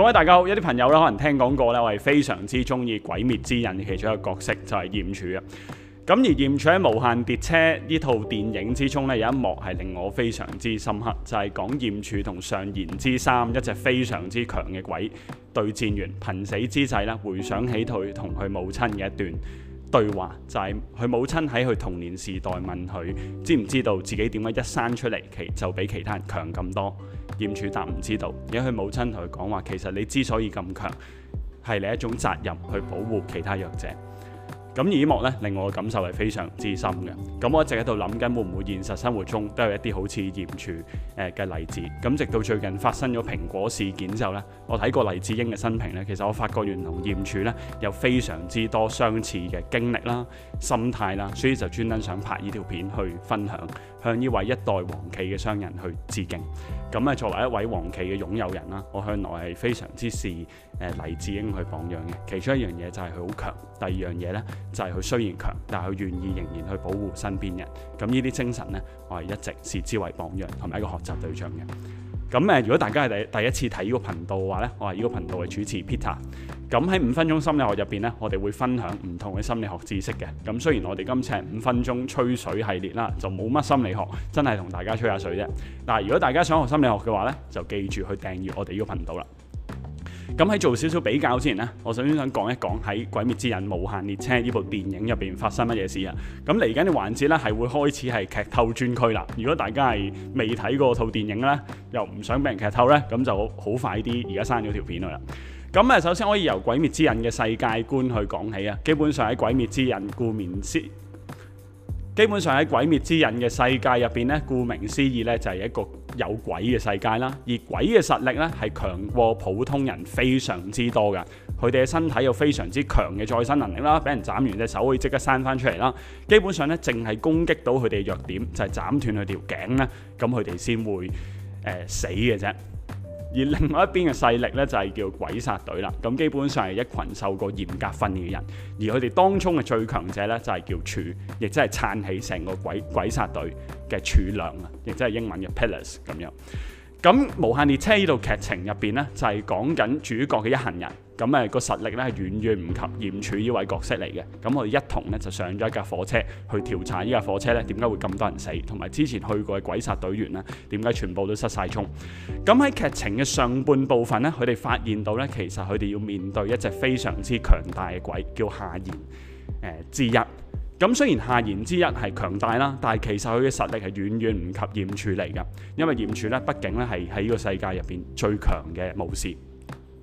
各位大家好，有啲朋友咧可能聽講過咧，我係非常之中意《鬼滅之刃》嘅其中一個角色，就係、是、炎柱啊。咁而炎柱喺《無限列車》呢套電影之中咧，有一幕係令我非常之深刻，就係、是、講炎柱同上弦之三一隻非常之強嘅鬼對戰完，瀕死之際咧，回想起佢同佢母親嘅一段。對話就係、是、佢母親喺佢童年時代問佢，知唔知道自己點解一生出嚟其就比其他人強咁多？炎柱答唔知道。而佢母親同佢講話，其實你之所以咁強，係你一種責任去保護其他弱者。咁耳目咧，令我嘅感受係非常之深嘅。咁我一直喺度諗緊，會唔會現實生活中都有一啲好似炎柱誒嘅例子？咁直到最近發生咗蘋果事件之後呢，我睇過黎智英嘅新評呢，其實我發覺原來炎柱呢有非常之多相似嘅經歷啦、心態啦，所以就專登想拍呢條片去分享。向呢位一代王企嘅商人去致敬。咁啊，作為一位王企嘅擁有人啦，我向來係非常之視誒黎智英去榜樣嘅。其中一樣嘢就係佢好強，第二樣嘢呢，就係佢雖然強，但係佢願意仍然去保護身邊人。咁呢啲精神呢，我係一直是視之為榜樣同埋一個學習對象嘅。咁誒，如果大家係第第一次睇呢個頻道嘅話咧，我係呢個頻道嘅主持 Peter。咁喺五分鐘心理學入邊咧，我哋會分享唔同嘅心理學知識嘅。咁雖然我哋今次係五分鐘吹水系列啦，就冇乜心理學真係同大家吹下水啫。嗱，如果大家想學心理學嘅話咧，就記住去訂閱我哋呢個頻道啦。咁喺做少少比較之前呢，我首先想講一講喺《鬼滅之刃無限列車》呢部電影入邊發生乜嘢事啊！咁嚟緊嘅環節呢，係會開始係劇透專區啦。如果大家係未睇過套電影呢，又唔想俾人劇透呢，咁就好快啲，而家刪咗條片佢啦。咁啊，首先可以由《鬼滅之刃》嘅世界觀去講起啊。基本上喺《鬼滅之刃》顧名思，基本上喺《鬼滅之刃》嘅世界入邊呢，顧名思義呢，就係一個。有鬼嘅世界啦，而鬼嘅實力咧係強過普通人非常之多噶，佢哋嘅身體有非常之強嘅再生能力啦，俾人斬完隻手會即刻生翻出嚟啦。基本上咧，淨係攻擊到佢哋弱點就係斬斷佢條頸啦。咁佢哋先會誒、呃、死嘅啫。而另外一邊嘅勢力咧就係、是、叫鬼殺隊啦，咁基本上係一群受過嚴格訓練嘅人，而佢哋當中嘅最強者咧就係、是、叫柱，亦即係撐起成個鬼鬼殺隊嘅柱梁啊，亦即係英文嘅 pillars 咁樣。咁無限列車呢度劇情入邊咧，就係、是、講緊主角嘅一行人。咁誒個實力咧係遠遠唔及炎柱呢位角色嚟嘅，咁我哋一同咧就上咗一架火車去調查呢架火車咧點解會咁多人死，同埋之前去過嘅鬼殺隊員咧點解全部都失晒蹤。咁喺劇情嘅上半部分咧，佢哋發現到咧其實佢哋要面對一隻非常之強大嘅鬼，叫下弦誒、呃、之一。咁雖然下弦之一係強大啦，但係其實佢嘅實力係遠遠唔及炎柱嚟噶，因為炎柱咧畢竟咧係喺呢個世界入邊最強嘅武士。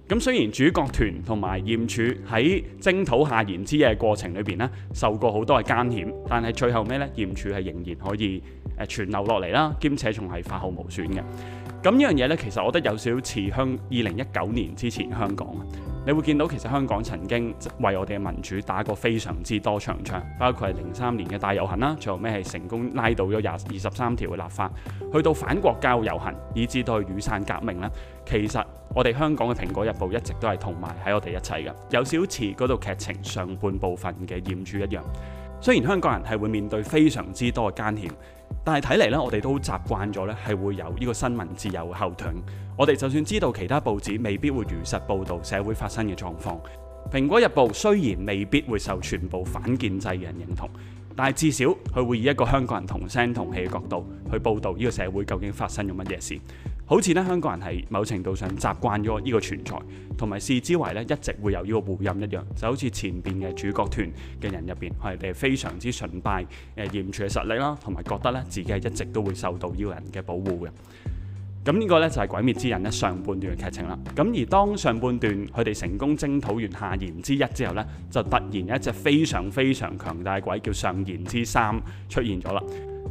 咁雖然主角團同埋炎柱喺征討下弦之嘅過程裏邊咧，受過好多嘅艱險，但係最後尾呢，炎柱係仍然可以誒存留落嚟啦，兼、呃、且仲係髮毫無損嘅。咁呢樣嘢呢，其實我覺得有少少似香二零一九年之前香港。你會見到其實香港曾經為我哋嘅民主打過非常之多場仗，包括係零三年嘅大遊行啦，最後尾係成功拉倒咗廿二十三條嘅立法，去到反國教遊行，以至到去雨傘革命呢。其實。我哋香港嘅《蘋果日報》一直都係同埋喺我哋一齊嘅，有少少似嗰度劇情上半部分嘅炎柱一樣。雖然香港人係會面對非常之多嘅艱險，但係睇嚟呢，我哋都習慣咗呢係會有呢個新聞自由後盾。我哋就算知道其他報紙未必會如實報導社會發生嘅狀況，《蘋果日報》雖然未必會受全部反建制嘅人認同，但係至少佢會以一個香港人同聲同氣嘅角度去報導呢個社會究竟發生咗乜嘢事。好似咧，香港人係某程度上習慣咗呢個存在，同埋視之為咧一直會有呢個護蔭一樣，就好似前邊嘅主角團嘅人入邊係，佢哋非常之崇拜誒炎柱嘅實力啦，同埋覺得咧自己係一直都會受到呢個人嘅保護嘅。咁、嗯這個、呢個咧就係、是《鬼滅之刃》咧上半段嘅劇情啦。咁、嗯、而當上半段佢哋成功征討完下弦之一之後咧，就突然有一隻非常非常強大嘅鬼叫上弦之三出現咗啦。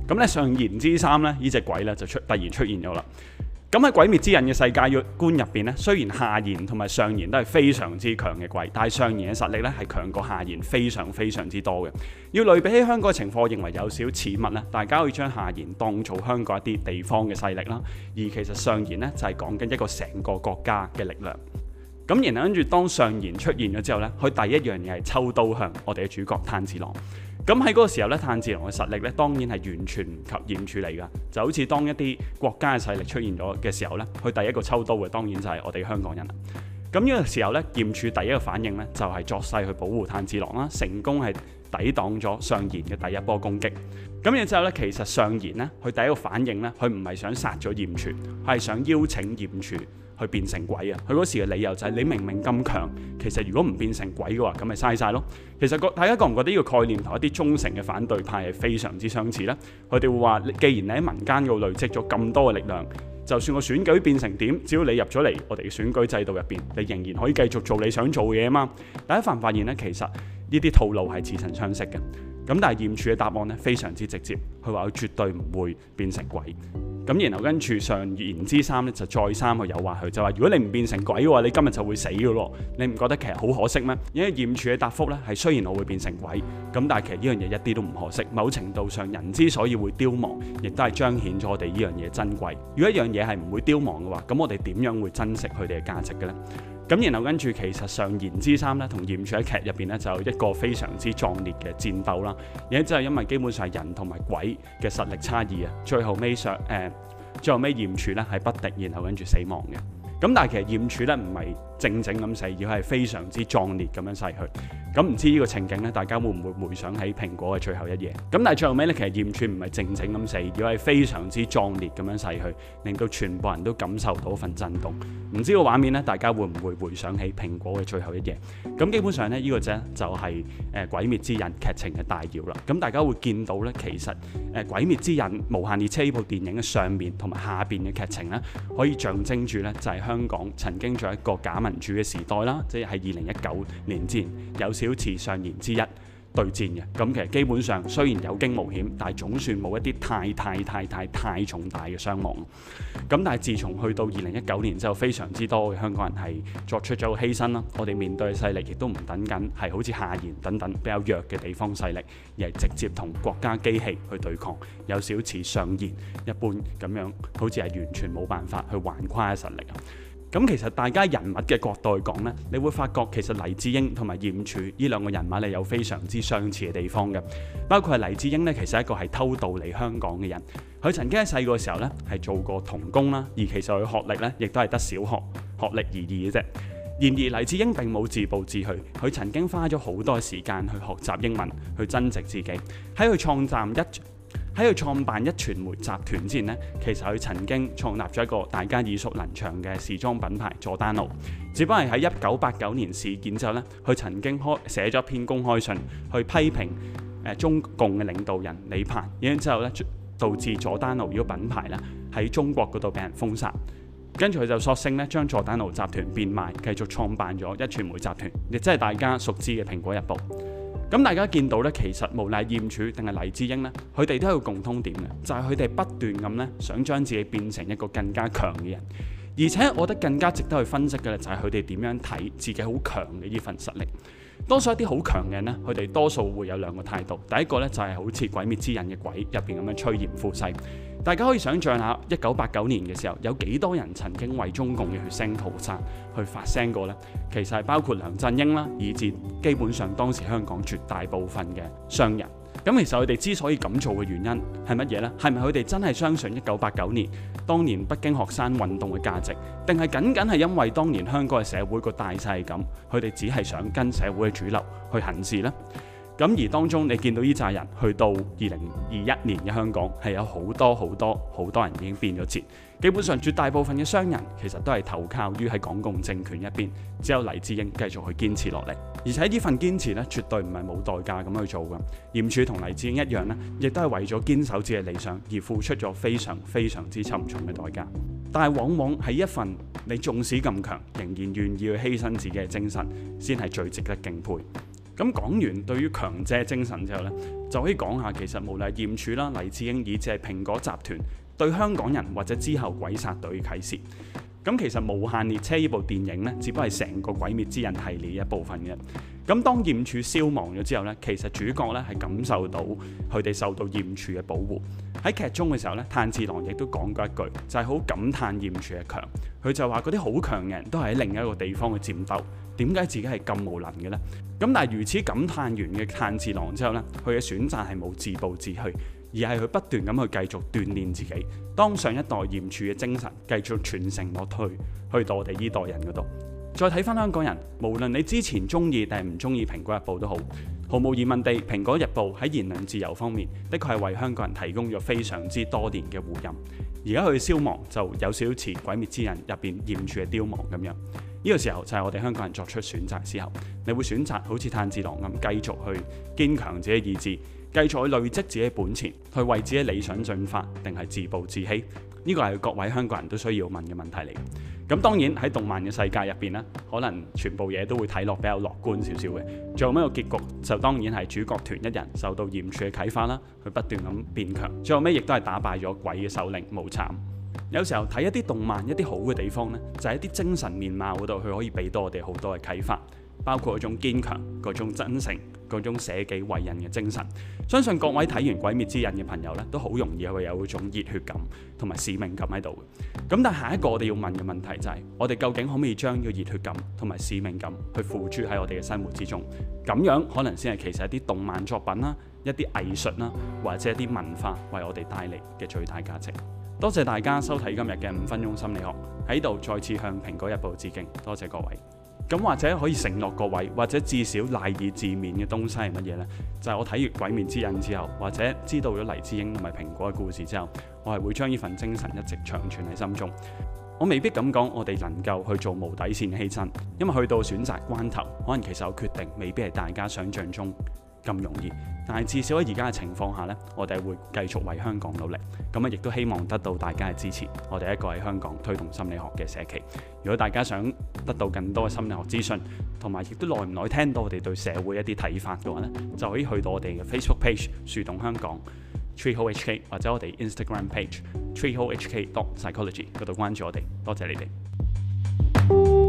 咁、嗯、咧上弦之三咧呢隻鬼咧就出突然出現咗啦。咁喺《鬼滅之刃》嘅世界觀入邊咧，雖然下弦同埋上弦都係非常之強嘅鬼，但係上弦嘅實力咧係強過下弦非常非常之多嘅。要類比起香港嘅情況，我認為有少少似物啦。大家可以將下弦當做香港一啲地方嘅勢力啦，而其實上弦咧就係講緊一個成個國家嘅力量。咁然後跟住當上弦出現咗之後呢，佢第一樣嘢係抽刀向我哋嘅主角炭治郎。咁喺嗰個時候呢，炭治郎嘅實力呢，當然係完全唔及炎柱嚟㗎，就好似當一啲國家嘅勢力出現咗嘅時候呢，佢第一個抽刀嘅當然就係我哋香港人啦。咁呢個時候呢，炎柱第一個反應呢，就係作勢去保護炭治郎啦，成功係。抵擋咗上弦嘅第一波攻擊，咁然之後呢，其實上弦呢，佢第一個反應呢，佢唔係想殺咗炎柱，係想邀請炎柱去變成鬼啊！佢嗰時嘅理由就係、是：你明明咁強，其實如果唔變成鬼嘅話，咁咪嘥晒咯。其實個大家覺唔覺得呢個概念同一啲忠誠嘅反對派係非常之相似呢？佢哋會話：既然你喺民間嘅累積咗咁多嘅力量，就算個選舉變成點，只要你入咗嚟我哋嘅選舉制度入邊，你仍然可以繼續做你想做嘅嘢啊嘛！大家發唔發現呢？其實呢啲套路係似曾相識嘅，咁但係炎柱嘅答案呢，非常之直接，佢話佢絕對唔會變成鬼。咁然後跟住上弦之三呢就再三去誘惑佢，就話如果你唔變成鬼嘅話，你今日就會死嘅咯。你唔覺得其實好可惜咩？因為炎柱嘅答覆呢，係雖然我會變成鬼，咁但係其實呢樣嘢一啲都唔可惜。某程度上，人之所以會凋亡，亦都係彰顯咗我哋呢樣嘢珍貴。如果一樣嘢係唔會凋亡嘅話，咁我哋點樣會珍惜佢哋嘅價值嘅呢？咁然後跟住其實上言之三咧，同炎柱喺劇入邊咧，就有一個非常之壯烈嘅戰鬥啦。然之後因為基本上係人同埋鬼嘅實力差異啊，最後尾上誒、呃，最後尾炎柱咧係不敵，然後跟住死亡嘅。咁但係其實炎柱咧唔係正正咁死，而係非常之壯烈咁樣逝去。咁唔知呢個情景咧，大家會唔會回想起蘋果嘅最後一夜？咁但係最後尾呢，其實炎柱唔係靜靜咁死，而係非常之壯烈咁樣逝去，令到全部人都感受到份震動。唔知個畫面咧，大家會唔會回想起蘋果嘅最後一夜？咁、嗯、基本上呢，呢、這個啫就係、是、誒、呃《鬼滅之刃》劇情嘅大要啦。咁大家會見到呢，其實誒、呃《鬼滅之刃》無限列車呢部電影嘅上面同埋下邊嘅劇情呢，可以象徵住呢就係、是、香港曾經喺一個假民主嘅時代啦，即係二零一九年之前有小池上弦之一對戰嘅，咁其實基本上雖然有驚無險，但係總算冇一啲太太太太太重大嘅傷亡。咁但係自從去到二零一九年之後，非常之多嘅香港人係作出咗犧牲啦。我哋面對嘅勢力亦都唔等緊係好似下弦等等比較弱嘅地方勢力，而係直接同國家機器去對抗，有小池上弦一般咁樣，好似係完全冇辦法去橫跨嘅實力。咁其實大家人物嘅角度嚟講呢，你會發覺其實黎智英同埋炎柱呢兩個人物呢，有非常之相似嘅地方嘅，包括係黎智英呢，其實一個係偷渡嚟香港嘅人，佢曾經喺細個時候呢，係做過童工啦，而其實佢學歷呢，亦都係得小學學歷而已嘅啫。然而黎智英並冇自暴自棄，佢曾經花咗好多時間去學習英文，去增值自己，喺佢創站一。喺佢創辦壹傳媒集團之前呢，其實佢曾經創立咗一個大家耳熟能詳嘅時裝品牌佐丹奴。只不過係喺一九八九年事件之後呢，佢曾經開寫咗篇公開信去批評、呃、中共嘅領導人李鵬，然之後呢，導致佐丹奴呢個品牌呢喺中國嗰度俾人封殺。跟住佢就索性呢將佐丹奴集團變賣，繼續創辦咗壹傳媒集團，亦即係大家熟知嘅蘋果日報。咁大家見到咧，其實無論係炎柱定係黎智英咧，佢哋都有共通點嘅，就係佢哋不斷咁咧，想將自己變成一個更加強嘅人。而且我覺得更加值得去分析嘅咧，就係佢哋點樣睇自己好強嘅呢份實力。多數一啲好強嘅人咧，佢哋多數會有兩個態度。第一個咧就係好似《鬼滅之刃》嘅鬼入邊咁樣趨炎附勢。大家可以想象下，一九八九年嘅時候，有幾多人曾經為中共嘅血腥屠殺去發聲過呢？其實係包括梁振英啦，以至基本上當時香港絕大部分嘅商人。咁、嗯、其實佢哋之所以咁做嘅原因係乜嘢呢？係咪佢哋真係相信一九八九年當年北京學生運動嘅價值，定係僅僅係因為當年香港嘅社會個大勢咁，佢哋只係想跟社會嘅主流去行事呢？咁而當中，你見到依紮人去到二零二一年嘅香港，係有好多好多好多人已經變咗節。基本上絕大部分嘅商人其實都係投靠於喺港共政權一邊，只有黎智英繼續去堅持落嚟。而且呢份堅持咧，絕對唔係冇代價咁去做嘅。炎柱同黎智英一樣呢亦都係為咗堅守自己嘅理想而付出咗非常非常之沉重嘅代價。但係往往係一份你縱使咁強，仍然願意去犧牲自己嘅精神，先係最值得敬佩。咁講完對於強者精神之後呢，就可以講下其實無論係炎柱啦、黎智英，以至係蘋果集團對香港人或者之後鬼殺隊啟示。咁其實《無限列車》呢部電影呢，只不過係成個《鬼滅之刃》系列一部分嘅。咁當炎柱消亡咗之後呢，其實主角呢係感受到佢哋受到炎柱嘅保護。喺劇中嘅時候呢，炭治郎亦都講過一句，就係、是、好感嘆炎柱嘅強。佢就話嗰啲好強嘅人都係喺另一個地方嘅戰鬥。點解自己係咁無能嘅呢？咁但係如此感嘆完嘅炭治郎之後呢，佢嘅選擇係冇自暴自棄，而係佢不斷咁去繼續鍛鍊自己，當上一代炎柱嘅精神繼續傳承落去，去到我哋呢代人嗰度。再睇翻香港人，無論你之前中意定係唔中意《蘋果日報》都好，毫無疑問地，《蘋果日報》喺言論自由方面，的確係為香港人提供咗非常之多年嘅護蔭。而家佢消亡，就有少少似鬼滅之刃入邊炎柱嘅凋亡咁樣。呢個時候就係我哋香港人作出選擇之後，你會選擇好似炭治郎咁繼續去堅強自己意志，繼續去累積自己本錢，去為自己理想進發，定係自暴自棄？呢、這個係各位香港人都需要問嘅問題嚟。咁當然喺動漫嘅世界入邊呢可能全部嘢都會睇落比較樂觀少少嘅。最後尾個結局就當然係主角團一人受到炎柱嘅啟發啦，去不斷咁變強。最後尾亦都係打敗咗鬼嘅首領，無慘。有時候睇一啲動漫，一啲好嘅地方呢，就係一啲精神面貌嗰度，佢可以俾到我哋好多嘅啟發，包括一種堅強、嗰種真誠、嗰種捨己為人嘅精神。相信各位睇完《鬼滅之刃》嘅朋友呢，都好容易會有嗰種熱血感同埋使命感喺度嘅。咁但係下一個我哋要問嘅問題就係、是，我哋究竟可唔可以將呢個熱血感同埋使命感去付諸喺我哋嘅生活之中？咁樣可能先係其實一啲動漫作品啦、一啲藝術啦或者一啲文化為我哋帶嚟嘅最大價值。多謝大家收睇今日嘅五分鐘心理學，喺度再次向蘋果日報致敬，多謝各位。咁或者可以承諾各位，或者至少賴以自勉嘅東西係乜嘢呢？就是、我睇完《鬼面之刃》之後，或者知道咗黎智英同埋蘋果嘅故事之後，我係會將呢份精神一直長存喺心中。我未必咁講，我哋能夠去做無底線犧牲，因為去到選擇關頭，可能其實有決定未必係大家想像中，咁容易，但係至少喺而家嘅情況下呢，我哋係會繼續為香港努力，咁啊亦都希望得到大家嘅支持。我哋一個喺香港推動心理學嘅社企，如果大家想得到更多嘅心理學資訊，同埋亦都耐唔耐聽到我哋對社會一啲睇法嘅話呢，就可以去到我哋嘅 Facebook page 樹洞香港 Treehole HK，或者我哋 Instagram page Treehole HK Psychology 嗰度關注我哋。多謝你哋。